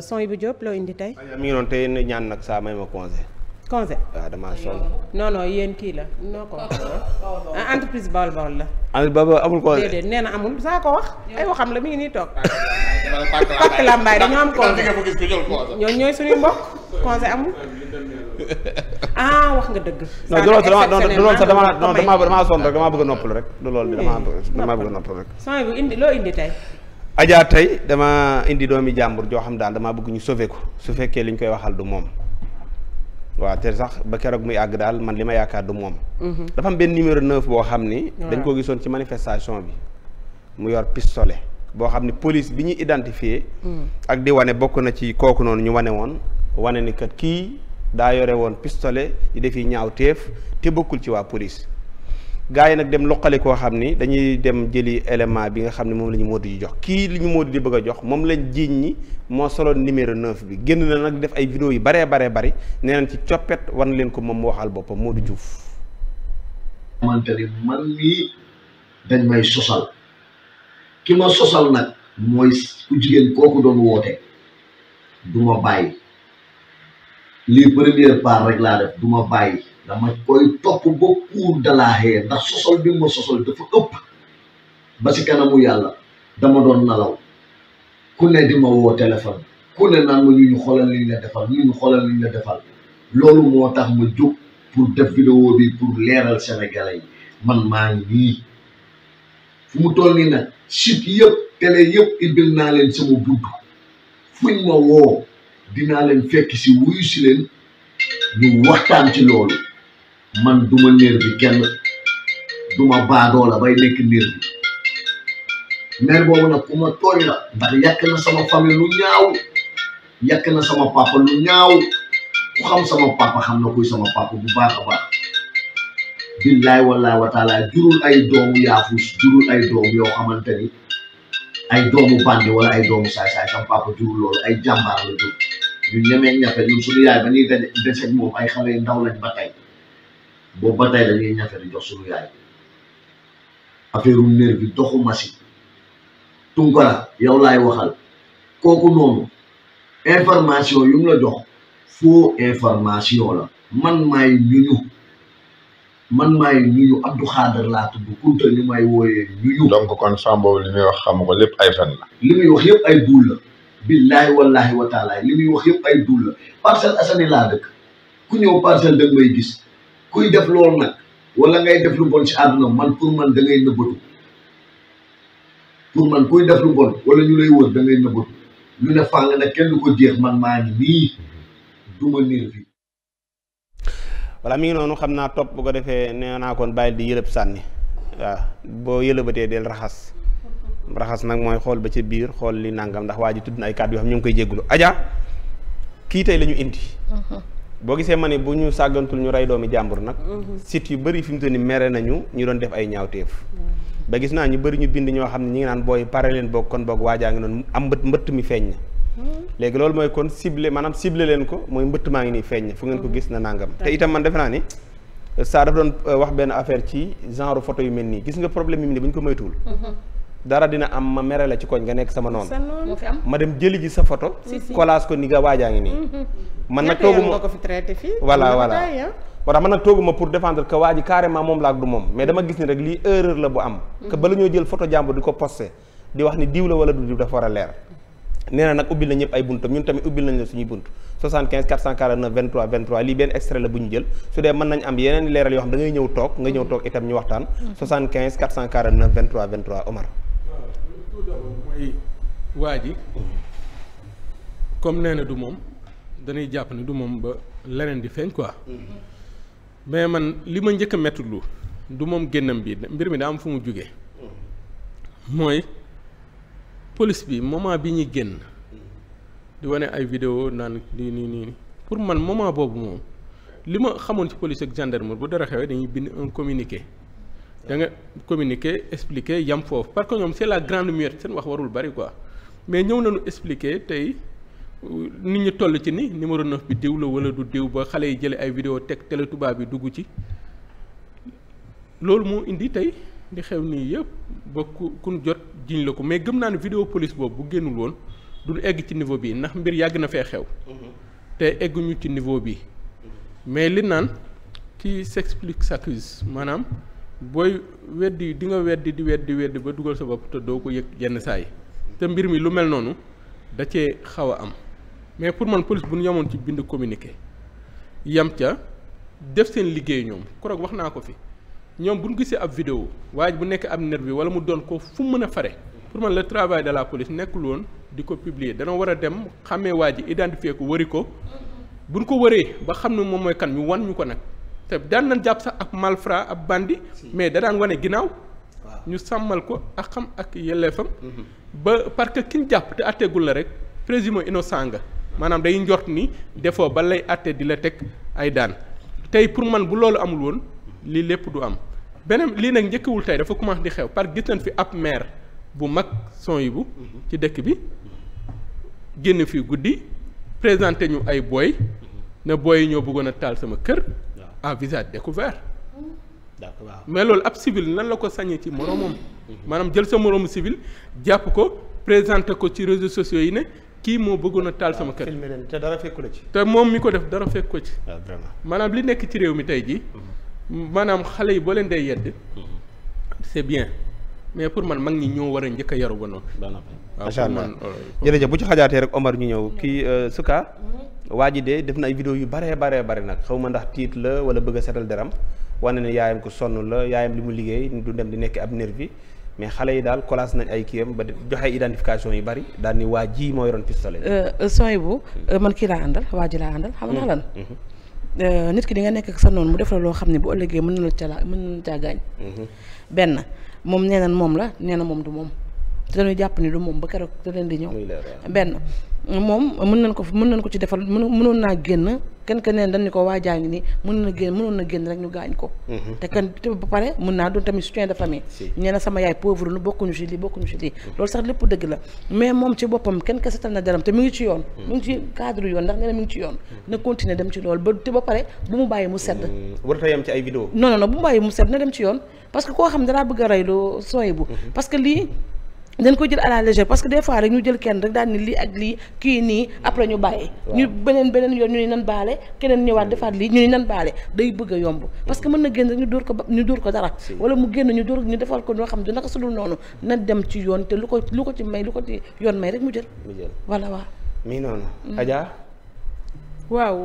son bu Diop loo indi tey. mi ngi doon tey ñaan nag saa may ma congé. congé waaw ah, damaa sonn. non non kii la noo ko wax. la. entreprise ah, Baol Baol amul congé. déedéet nee saa ko wax. ay waxam la mi ngi nii toog. pàcc ah, lambaay dañoo am congé. ñoom ñooy suñuy mbokk congé amul. ah wax nga dëgg. non du loolu dama sax dama dama sonn rek a noppalu rek. du loolu damaa bëgg eh, damaa bëgg a noppalu rek. son bu indi loo indi tey. Adja tey dama indi doomi jàmbur joo xam daal damaa bëgg ñu sauver ko su fekkee li ñu koy waxal du moom waaw te sax ba keroog muy àgg daal man li ma yaakaar du moom. Mhm. dafa am benn numéro 9 boo xam ni. dañ koo gisoon ci manifestation bi mu yor pistolet. boo xam ni police bi ñu identifié. Mm. ak di wane bokk na ci kooku noonu ñu wane woon wane ni kat kii daa yore woon pistolet di def ñaaw teef te bokkul ci waa police. gars yi nag dem loqali koo xam ni dañuy dem jëli élément bi nga xam ne moom lañu moo di jox kii li ñu Modou di bëgg a jox moom lañ jiiñ ñi moo solo numéro 9 bi génn na nag def ay vidéo yu baree baree bari nee ci coppet wan leen ko moom mu waxal boppam Modou Diouf. xamante man mii dañ may sosal ki ma sosal nag mooy ku jigéen kooku doon woote du bàyyi lii première part rek laa def du bàyyi. dama koy topp ba kuur dalaaxee ndax sosol bi ma sosol dafa ëpp ba si kanamu yàlla dama doon nalaw ku ne di ma woo téléphone ku ne naan ma ñu ñu xoolal liñ la defal ñu ñu xoolal liñ la defal loolu moo tax ma jóg pour def vidéo bi pour leeral sénégalais yi man maa ngi nii fu mu toll nii nag site yëpp télé yëpp ibil naa leen sama bunt fuñ ma woo dinaa leen fekk si wuyu si leen ñu waxtaan ci loolu man duma néer bi kenn duma baadoo la bay nekk néer bi mère boobu nag ku ma tooñ la ndax yàq na sama famille lu ñaaw yàq na sama papa lu ñaaw ku xam sama papa xam na kuy sama papa bu baax a baax billaay wallaay wa taala ay doomu yaafus ay doomu yoo xamante ni ay doomu bandi wala ay doomu saay-saay sama papa jurul loolu ay jàmbaar la jur ñu ñemee ñafe ñun suñu yaay ba ñuy daje deseg moom ay xale yu ndaw lañ ba tey boobu ba tey dañuy ñafe di jox suñu yaay affaire bi doxu machine tunkara yow laay waxal kooku noonu information yu mu la jox faux information la man maay ñuñu man maay ñuñu Abdou Khader laa tudd kunta ñu may wooyee ñuñu donc kon Sambo li muy wax xam ko lépp ay fen la li muy wax yëpp ay duul la billahi wallahi wa li muy wax yëpp ay duul la Parcelles Assainies laa dëkk ku ñëw parcelle dëgg may gis kuy def loolu nag wala ngay def lu bon ci àdduna man pour man da nëbbatu pour man kuy def lu bon wala ñu lay wër da nëbbatu ñu ne fàng kenn ko jeex man maa ngi nii du ma fii voilà mi ngi noonu xam naa topp bu ko defee nee naa kon bàyyil di yëlëb sànni waaw boo yëlëbatee del raxas raxas nag mooy xool ba ca biir xool li nangam ndax waa ji tudd na ay kàddu yoo ñu ngi koy jéggulu aja kii tey la indi mhm. boo gisee ma ne bu ñu sàggantul ñu rey doomi jàmbur nag mhm. site yu bëri fi mu toll nii mere nañu ñu doon def ay ñaawteef ba gis naa ñu bëri ñu bind ñoo xam ne ñu ngi naan booy pare leen boog kon boog waajaa ngi noonu am mbët mbëtt mi feeñ na mhm. léegi loolu mooy kon ciblé maanaam ciblé leen ko mooy mbëtt maa ngi nii feeñ na fu ngeen ko mhm. gis na nangam te itam man defe naa ni saa dafa doon euh, wax benn affaire ci genre photo yu mel nii gis nga problème yi mu ne bu ñu ko moytuwul dara dina am ma mere la ci koñ nga nekk sama noonu ma dem jëli ji sa photo kolaas ko ni nga waajaa ngi nii mm-hmm. man nag tooguma ko fi fii voilà voilà moo tax man nag tooguma pour défendre que waa ji carrément moom la ak du moom mais dama gis ni rek lii erreur la bu am que mm-hmm. bala ñoo jël photo jàmbur di ko posté di wax ni diw la wala du diw dafa war a leer nee na nag ubbil na ñëpp ay buntam ñun tamit ubbil nañ la suñuy bunt 75 449 23 23 lii benn extrait la bu ñu jël ñëw toog nga ñëw toog itam ñu waxtaan 75 449 23 23 Omar mooy waa ji comme nee na du moom danay jàpp ni du moom ba leneen di feeñ quoi mais man li ma njëkk a du moom génnam bi mbir mi daa am fu mu jóge mooy police bi moment bi ñuy génn di wane ay vidéo naan nii nii nii pour man moment boobu moom li ma xamoon ci police ak gendarmerie bu dara xewee dañuy bind un communiqué da nga communiquer expliquer yam foofu parce que ñoom c'est la grande muette seen wax warul bari ko mais ñëw nañu expliquer tey euh, nit ñu toll ci ni numéro 9 bi diw la wala du diw ba xale yi jëlee ay vidéo teg télé tubaab bi dugg ci loolu moo indi tey di xew nii yëpp ba ku kun jot jiñ la ko mais gëm naa ne vidéo police boobu bu génnul woon du egg ci niveau bi ndax mbir yàgg na fee xew. Mm-hmm. te egguñu ci niveau bi. Mm-hmm. mais li naan qui s'explique s'accuse maanaam. booy weddi di nga weddi di weddi weddi ba dugal sa bopp te doo ko yëg yenn saa yi te mbir mi lu mel noonu da cee xaw a am mais pour man police bu ñu yemoon ci bind communiqué yam ca def seen liggéey ñoom koroog wax naa ko fi ñoom bu ñu gisee ab vidéo waaye bu nekk ab nervi bi wala mu doon ko fu mu mën a fare pour man la travail de la police nekkul woon di ko publier dana war a dem xàmmee waa ji identifier ko wari ko mm-hmm. buñ ko waree ba xam ne moom mooy kan ñu wan ñu ko nag te daan nañ jàpp sax ak malfra ab bandi mais da daan wane ginnaaw ñu sàmmal ko ak ak yelleefam mhm. ba parce que ki ñu jàpp te atteegul la rek présumé innocent nga maanaam day njot ni defoo ba lay atte di la teg ay daan tey pour man bu loolu amul woon lii lépp du am beneen lii nag njëkkawul tey dafa commencé di xew parce que gis nañ fi ab maire bu mag son yi bu mhm. ci dëkk bi génn fii guddi présenté ñu ay booy mhm. na booy yi ñoo bëggoon a taal sama kër à visage découvert d'accord mais loolu ab civil nan la ko sañee ci moroomam maanaam jël sa moroomu civil jàpp ko présenté ko ci réseaux sociaux yi ne kii moo bëggoon a taal sama kër te dara fekku la ci te moom mi ko def dara fekk ko ci ah, manaam li nekk ci réew mi tey jii maanaam xale yi boo leen day yedd c'est bien mais pour man mag ñi ñoo war a njëkk a yaru ba noonu Ah, macha allah jërëjëf bu ci xajaatee rek Omar ñu ñëw kii euh, Souka mm-hmm. waa ji de def na ay vidéo yu baree baree bari nag xaw ma ndax tiit la wala bëgg a setal deram wane ne yaayam ko sonn la yaayam li mu liggéey du dem di nekk ab nervi mais xale yi daal collage na ay kiyam ba joxe identification yu bari daal ni waa ji moo yoroon pistolet euh, euh, sooy bu man kii laa àndal waa ji laa àndal xam naa lan mm-hmm. nit ki di nga nekk sa noonu mu def la loo xam ne bu ëllëgee mën na la ca mën na la caa mm-hmm. benn moom nee moom la nee na moom du moom dañuy jàpp ni du moom ba keroog da leen di ñëw benn moom mën nañ ko mën nañ ko ci defal mënoon naa génn kenn ke neen dañu ko waajaa ngi nii mën na génn mënoon na génn rek ñu gaañ ko mhm. te kenn te ba pare mën naa doon tamit soutien de famille ñee na sama yaay pauvre nu bokkuñu ci lii bokkuñu ci lii mhm. loolu sax lépp dëgg la mais moom ci boppam kenn ke setal na deram te mi ngi ci yoon mu mhm. ngi ci cadre yoon ndax nee na mi ngi ci yoon na continuer dem ci loolu ba te ba pare bu mu bàyyi mu sedd warut a yem dañ ko jël à la parce que des fois rek ñu jël kenn rek daal ni lii ak lii kii nii après ñu bàyyi ñu beneen beneen yoon ñu ni nan baale keneen ñëwaat mm. defaat lii ñu ni nan baale day bëgg yomb parce que mën na génn rek ñu dóor ko ba ñu dóor ko dara wala mu génn ñu dóor ñu defal ko ñoo xam du naka su dul noonu na dem ci yoon te lu ko lu ko ci may lu ko ci yoon may rek mu jël voilà waaw mi noonu mm. Adja waaw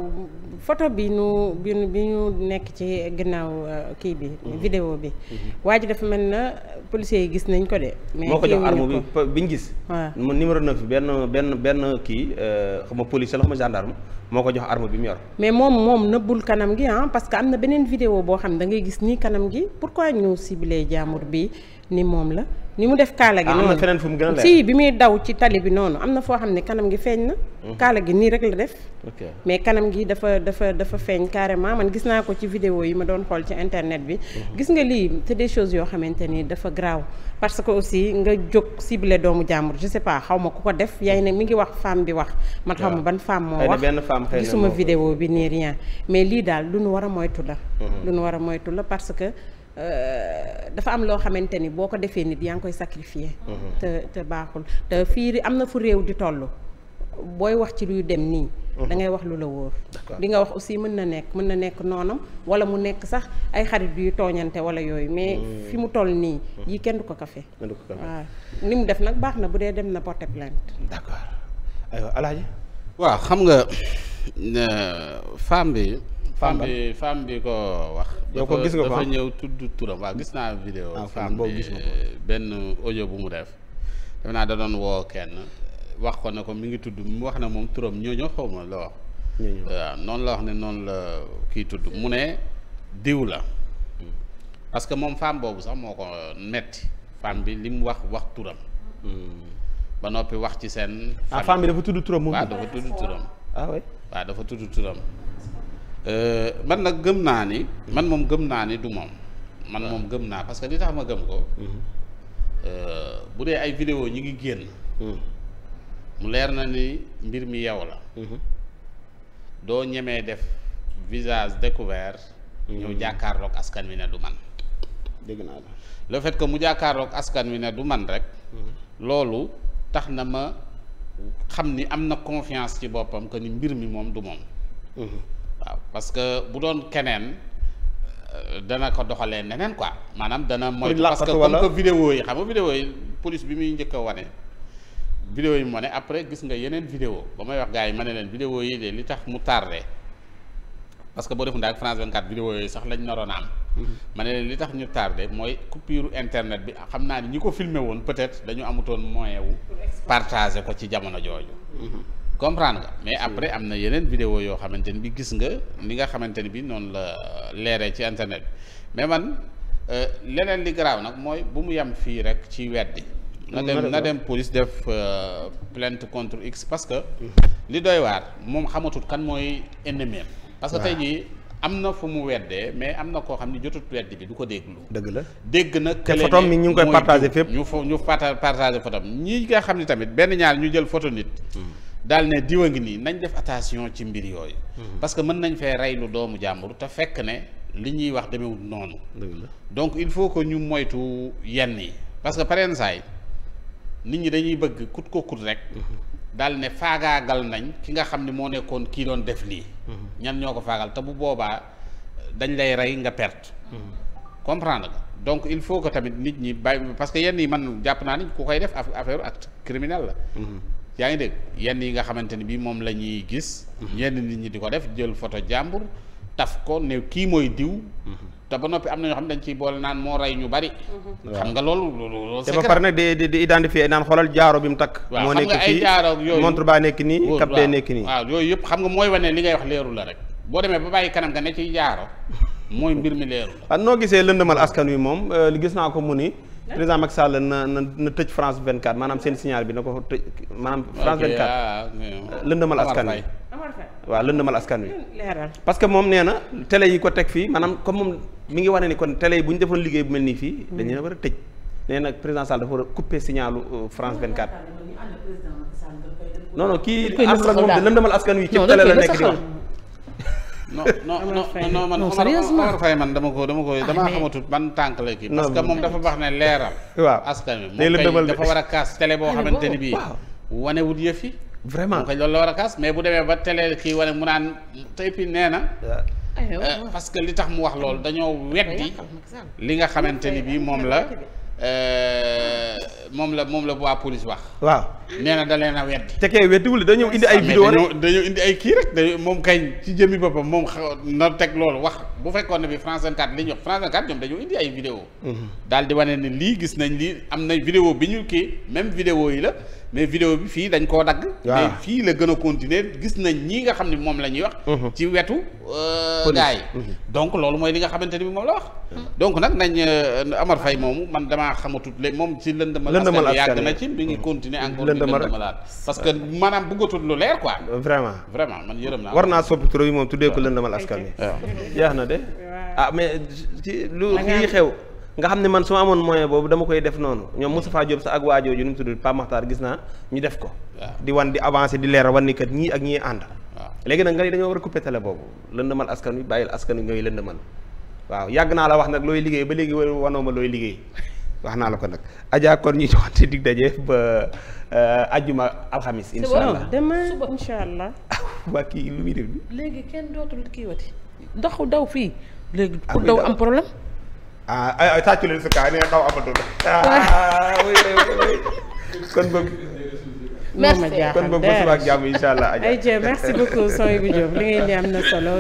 photo bi ñu bi ñu bi ñu nekk ci ginnaaw uh, kii bi. Mhm. vidéo bi. Mhm. waa ji dafa mel na policiers yi gis nañ ko de. moo ko jox arme bi bi ñu gis. waaw mu numéro 9 benn benn kii uh, xam nga policier la xam gendarme moo ko jox arme bi mu yor. mais moom moom nëbbul kanam gi ah parce que am na beneen vidéo boo xam da ngay gis nii kanam gi pourquoi ñu ciblé jaamur bi. ni moom la ni mu def kaala gi noonu ah, am na feneen mu gën a leer si bi muy daw ci tali bi noonu am na foo xam ne kanam gi feeñ na mhm. kaala gi nii rek la def mais kanam gi dafa dafa dafa feeñ carrément man gis naa ko ci vidéo yi ma doon xool ci internet bi mhm. gis nga lii te des choses yoo xamante ni dafa graaw parce que aussi nga jóg ciblé doomu jàmbur je sais pas xaw ma ku ko def yaay ne mi ngi wax femme bi wax man xaw ma ban femme moo wax gisuma vidéo bi nii rien mais lii daal lu nu war a moytu la mhm. lu nu dafa am loo xamante ni boo ko defee nit yaa ngi koy sacrifier mhm. te te baaxul te fii am na fu réew di toll booy wax ci luy dem nii mhm. da ngay wax lu la wóor li nga wax aussi mën na nekk mën na nekk noonam wala mu nekk sax ay xarit yuy tooñante wala yooyu mais mhm. fi mu toll nii yi kenn du ko kafe waaw ni mu def nag baax na bu dee dem na porter plainte d'accord aywa alaaji waaw xam nga euh, fem bi femme bi femme bi ko wax. yow ko gis nga ko dafa ñëw tudd turam waaw gis naa vidéo ah, femme bi benn audio bu mu def. def naa da doon woo kenn wax ko ne ko mi ngi tudd mu wax na moom turam ñooñoo xaw ma la wax. waaw noonu la wax ne noonu la kii tudd mu ne diw la. parce que moom femme boobu sax moo ko metti femme bi li mu wax wax turam. Hmm. ba noppi wax ci seen. ah femme bi dafa tudd turam moom. waaw dafa tudd dafa tudd turam. Ah, Euh, man nag gëm naa ni man moom gëm naa ni du moom man moom gëm naa parce que li tax ma gëm ko mhm. euh, bu dee ay vidéo ñi ngi génn mhm. mu leer na ni mbir mi yow la mhm. doo ñemee def visage découvert ñëw jàkkaarloog askan wi ne du man dégg que mu jàkkaarloog askan wi ne du man rek loolu tax na ma xam ni am na confiance ci boppam que ni mbir mi moom du moom waaw parce que bu doon keneen euh, dana ko doxalee neneen quoi maanaam dana mooy parce que comme que vidéo yi xam nga vidéo yi police bi muy njëkk a wane vidéo yi mu ne après gis nga yeneen vidéo ba may wax gars yi ma ne leen vidéo yi de li tax mu tardé parce que boo defu ndaak France 24 vidéo yooyu sax lañ naroon am mm-hmm. ma ne leen li tax ñu tardé mooy coupure internet bi xam naa ni ñi ko filmé woon peut-être dañu amutoon moyen wu partager ko ci jamono jooju mm-hmm. comprendre nga mais après am na yeneen vidéo yoo xamante ni bi gis nga ni nga xamante ni bi noonu la leeree ci internet bi mais man euh, leneen li garaaw nag mooy bu mu yem fii rek ci weddi na mm, dem na dem police def euh, plainte contre X parce que mm-hmm. li doy waar moom xamatut kan mooy ennemi parce que tey jii am na fu mu weddee mais am na koo xam ne jotut weddi bi du ko déglu. dëgg la dégg na. te photo mi ñu ngi ñu partagé fépp. ñu fo ñu parta partagé photo ñi nga xam ni tamit benn ñaar ñu jël photo daal ne diwa ngi nii nañ def attention ci mbir yooyu. Mhm. parce que mën nañ fee rey lu doomu jàmbur te fekk ne li ñuy wax demewul noonu. donc il faut que ñu moytu yenn yi parce que pareen saay nit ñi dañuy bëgg kut ko kut rek. Mhm. daal ne faagaagal nañ ki nga xam ne moo nekkoon kii doon def lii. Mhm. ñan ñoo ko faagal te bu boobaa dañ lay rey nga perte. comprendre nga donc il faut que tamit nit ñi bàyyi parce que yenn yi man jàpp naa ni ku koy def affaire acte criminel la. yaa ngi dégg yenn yi nga xamante ni bii moom la ñuy gis. Mhm. yenn nit ñi di ko def jël photo jàmbur taf ko ne kii mooy diw. Mhm. te ba noppi am na ñoo xam ne dañ ciy boole naan moo rey ñu bari. Mhm. xam nga loolu loolu. c'est que dafa pare di di identifier naan xoolal jaaro bi mu takk. moo nekk fii yooyu montre baa nekk nii cap bee nekk nii. waaw yooyu yëpp xam nga mooy wane li ngay wax leeru la rek boo demee ba bàyyi kanam nga ne ciy jaaro mooy mbir mi leeru la. noo gisee lëndëmal askan wi moom euh, gis naa ko mu ni président Macky Sall na na na tëj France 24 maanaam seen signal bi na ko tëj maanaam France 24 lëndëmal askan wi waaw lëndëmal askan wi parce que moom nee na télé yi ko teg fii maanaam comme moom mi ngi wane ni kon télé yi bu ñu defoon liggéey bu mel nii fii dañu leen war a tëj nee na président Sall dafa war a couper signalu France 24 non non kii àndul ak moom lëndëmal askan wi ci télé la nekk di non non non man Omar Faye man dama ko dama ko damaa xamatul ban tànk la kii parce que moom dafa wax ne leeral waaw askan wi moom dafa war a kaas télé boo xamante ni bii wane wut yëf yi vraiment koy loolu la war a kaas mais bu demee ba télé kii wane mu naan tey puis nee na euh, parce que li tax mu wax loolu dañoo weddi li nga xamante ni bii moom la Euh, moom la moom la waa police wax. waaw nee na da leen a te kay weddiwul dañoo indi ay. vidéo rek dañoo indi ay kii rek dañoo moom kay ci jëmmi boppam moom xaw na teg loolu wax bu fekkoon ne bi France 24 li ñu wax France 24 ñoom dañoo indi ay vidéo mhm. daal di wane ne lii gis nañ lii am na vidéo bi ñu kii même vidéo yi la. mais vidéo bi fii dañ koo dagg. mais fii la gën a continuer gis nañ ñii nga xam ne moom la ñuy wax. Mhm. ci wetu euh, gars yi. Mhm. donc loolu mooy li nga xamante ni moom la wax. Mhm. donc nag nañ euh, Amar Faye moomu man damaa xamatut léegi moom ci lëndëmal askan wi yàgg na ci mi ngi continuer encore lëndëmalaat parce que maanaam bëggatul lu leer quoi. Euh, vraiment vraiment man yërëm naa. war naa soppi tur bi moom tuddee ko lëndëmal askan wi. waaw jeex na de. ah mais ci lu lii xew. nga xam ne man su ma amoon moyen boobu dama koy def noonu ñoom Moustapha Diop sax ak waa jooju nu mu tudd Pape Makhtar gis naa ñu def ko. di wan di avancer di leer wan ni kat ñii ak ñii ànd. léegi nag nga ni dañoo war a couper télé boobu lëndëmal askan wi bàyyil askan wi ñooy lëndëmal waaw yàgg naa la wax nag looy liggéey ba léegi wanoo ma looy liggéey wax naa la ko nag Adja kon ñu joxante dig daje ba euh, ajjuma alxamis. incha allah demain incha allah. waa kii lu muy def. léegi kenn dootul kii wati. ndox daw fii. léegi pour ah, daw am problème. ah ay ay tàccu leen si kaa nee xaw amatul ah oui oui kon boog. merci kon boog ba suba ak jàmm incha allah. ay jërëjëf merci beaucoup Sohaibou Diop li ngay indi am na solo.